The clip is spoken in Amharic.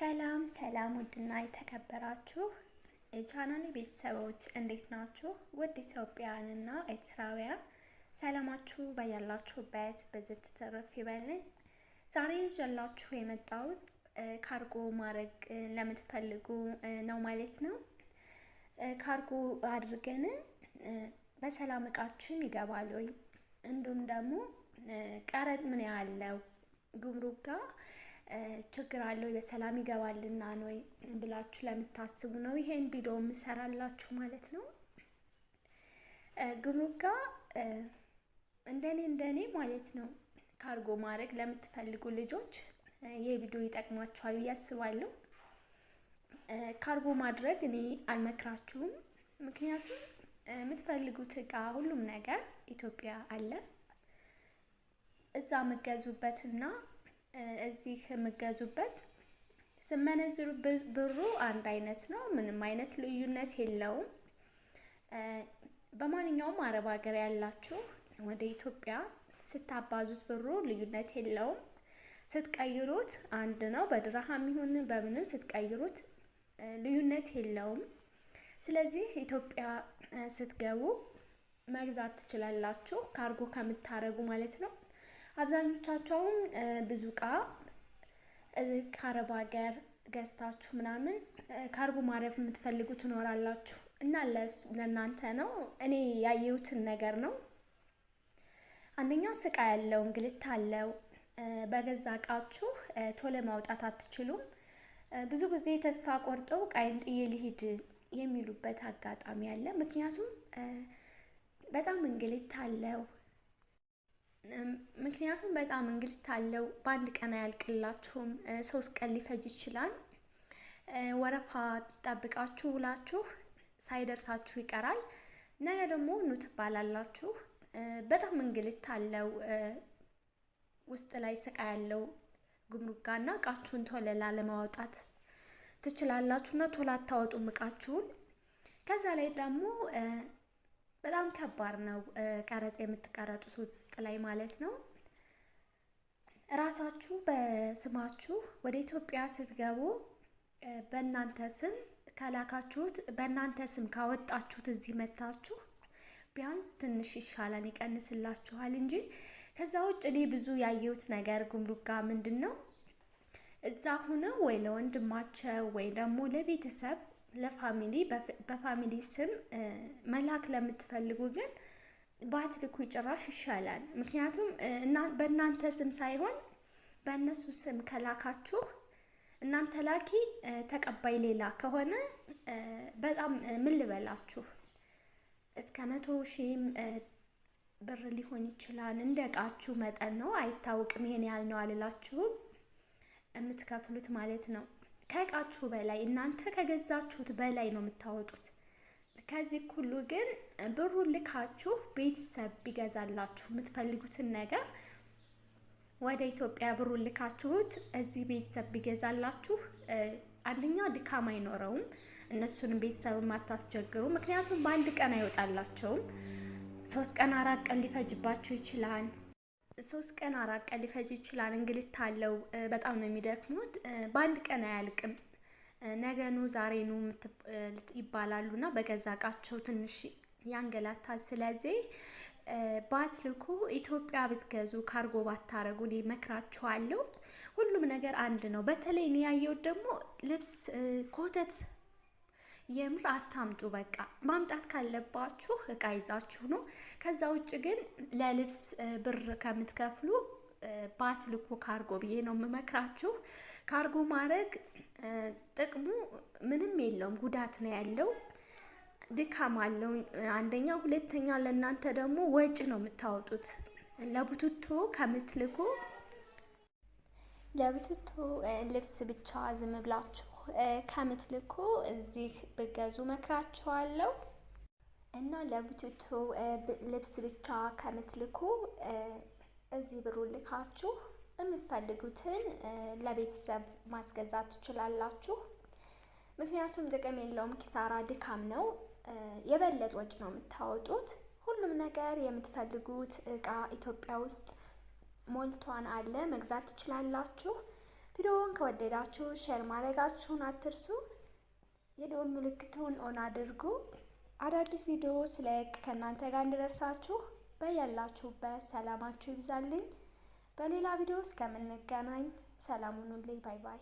ሰላም ሰላም ውድና የተከበራችሁ የቻናሌ ቤተሰቦች እንዴት ናችሁ? ውድ ኢትዮጵያውያንና ኤርትራውያን ሰላማችሁ በያላችሁበት በዝት ትርፍ ይበልኝ። ዛሬ ይዤላችሁ የመጣሁት ካርጎ ማድረግ ለምትፈልጉ ነው ማለት ነው። ካርጎ አድርገን በሰላም እቃችን ይገባል ወይ እንዲሁም ደግሞ ቀረጥ ምን ያህል ነው ጉምሩክ ጋር ችግር አለው በሰላም ይገባልና ነው ብላችሁ ለምታስቡ ነው ይሄን ቪዲዮ የምሰራላችሁ ማለት ነው። ግሩፕ ጋር እንደኔ እንደኔ ማለት ነው ካርጎ ማድረግ ለምትፈልጉ ልጆች ይህ ቪዲዮ ይጠቅማችኋል ብዬ አስባለሁ። ካርጎ ማድረግ እኔ አልመክራችሁም። ምክንያቱም የምትፈልጉት እቃ ሁሉም ነገር ኢትዮጵያ አለ እዛ የምገዙበትና እዚህ የምገዙበት ስመነዝሩ ብሩ አንድ አይነት ነው። ምንም አይነት ልዩነት የለውም። በማንኛውም አረብ ሀገር ያላችሁ ወደ ኢትዮጵያ ስታባዙት ብሩ ልዩነት የለውም። ስትቀይሩት አንድ ነው። በድርሃም ይሁን በምንም ስትቀይሩት ልዩነት የለውም። ስለዚህ ኢትዮጵያ ስትገቡ መግዛት ትችላላችሁ፣ ካርጎ ከምታረጉ ማለት ነው። አብዛኞቻቸውም ብዙ እቃ ከአረብ ሀገር ገዝታችሁ ምናምን ካርጎ ማረፍ የምትፈልጉ ትኖራላችሁ እና ለእናንተ ነው። እኔ ያየሁትን ነገር ነው። አንደኛ ስቃ ያለው እንግልት አለው። በገዛ እቃችሁ ቶሎ ማውጣት አትችሉም። ብዙ ጊዜ ተስፋ ቆርጠው ቃይን ጥዬ ልሂድ የሚሉበት አጋጣሚ አለ። ምክንያቱም በጣም እንግልት አለው። ምክንያቱም በጣም እንግልት አለው። በአንድ ቀን አያልቅላችሁም። ሶስት ቀን ሊፈጅ ይችላል። ወረፋ ጠብቃችሁ ውላችሁ ሳይደርሳችሁ ይቀራል። ነገ ደግሞ ኑ ትባላላችሁ። በጣም እንግልት አለው። ውስጥ ላይ ስቃ ያለው ጉምሩጋ እና እቃችሁን ቶሎ ላለማውጣት ትችላላችሁ እና ቶሎ አታወጡም እቃችሁን ከዛ ላይ ደግሞ በጣም ከባድ ነው። ቀረጥ የምትቀረጡት ውስጥ ላይ ማለት ነው። እራሳችሁ በስማችሁ ወደ ኢትዮጵያ ስትገቡ በእናንተ ስም ከላካችሁት በእናንተ ስም ካወጣችሁት እዚህ መታችሁ ቢያንስ ትንሽ ይሻላል ይቀንስላችኋል እንጂ ከዛ ውጭ እኔ ብዙ ያየሁት ነገር ጉምሩክ ጋር ምንድን ነው እዛ ሁነው ወይ ለወንድማቸው ወይ ደግሞ ለቤተሰብ ለፋሚሊ በፋሚሊ ስም መላክ ለምትፈልጉ ግን ባትልኩ ጭራሽ ይሻላል። ምክንያቱም በእናንተ ስም ሳይሆን በእነሱ ስም ከላካችሁ እናንተ ላኪ ተቀባይ ሌላ ከሆነ በጣም ምን ልበላችሁ እስከ መቶ ሺህም ብር ሊሆን ይችላል። እንደ እቃችሁ መጠን ነው፣ አይታወቅም። ይሄን ያህል ነው አልላችሁም፣ የምትከፍሉት ማለት ነው። ከእቃችሁ በላይ እናንተ ከገዛችሁት በላይ ነው የምታወጡት። ከዚህ ሁሉ ግን ብሩ ልካችሁ ቤተሰብ ቢገዛላችሁ የምትፈልጉትን ነገር ወደ ኢትዮጵያ ብሩ ልካችሁት እዚህ ቤተሰብ ቢገዛላችሁ አንደኛ ድካም አይኖረውም፣ እነሱንም ቤተሰብ ማታስቸግሩ። ምክንያቱም በአንድ ቀን አይወጣላቸውም። ሶስት ቀን አራት ቀን ሊፈጅባቸው ይችላል። ሶስት ቀን አራት ቀን ሊፈጅ ይችላል። እንግልት አለው። በጣም ነው የሚደክሙት። በአንድ ቀን አያልቅም። ነገኑ ዛሬኑ ይባላሉ እና በገዛ እቃቸው ትንሽ ያንገላታል። ስለዚህ ባትልኩ ኢትዮጵያ ብትገዙ ካርጎ ባታረጉ መክራችኋለሁ። ሁሉም ነገር አንድ ነው። በተለይ እኔ ያየሁት ደግሞ ልብስ ኮተት የምር አታምጡ። በቃ ማምጣት ካለባችሁ እቃ ይዛችሁ ነው። ከዛ ውጭ ግን ለልብስ ብር ከምትከፍሉ ባትልኩ ካርጎ ብዬ ነው የምመክራችሁ። ካርጎ ማድረግ ጥቅሙ ምንም የለውም፣ ጉዳት ነው ያለው። ድካም አለው አንደኛ፣ ሁለተኛ ለእናንተ ደግሞ ወጪ ነው የምታወጡት ለቡትቶ ከምትልኩ ለብትቱ ልብስ ብቻ ዝም ብላችሁ ከምትልኩ እዚህ ብገዙ መክራችኋለሁ። እና ለብትቱ ልብስ ብቻ ከምትልኩ እዚህ ብሩ ልካችሁ የምትፈልጉትን ለቤተሰብ ማስገዛት ትችላላችሁ። ምክንያቱም ጥቅም የለውም፣ ኪሳራ ድካም ነው። የበለጥ ወጪ ነው የምታወጡት። ሁሉም ነገር የምትፈልጉት እቃ ኢትዮጵያ ውስጥ ሞልቷን አለ መግዛት ትችላላችሁ። ቪዲዮውን ከወደዳችሁ ሼር ማድረጋችሁን አትርሱ። የደወል ምልክቱን ኦን አድርጉ። አዳዲስ ቪዲዮ ስለቅ ከእናንተ ጋር እንድደርሳችሁ በያላችሁበት ሰላማችሁ ይብዛልኝ። በሌላ ቪዲዮ እስከምንገናኝ ሰላም ሁኑልኝ። ባይ ባይ።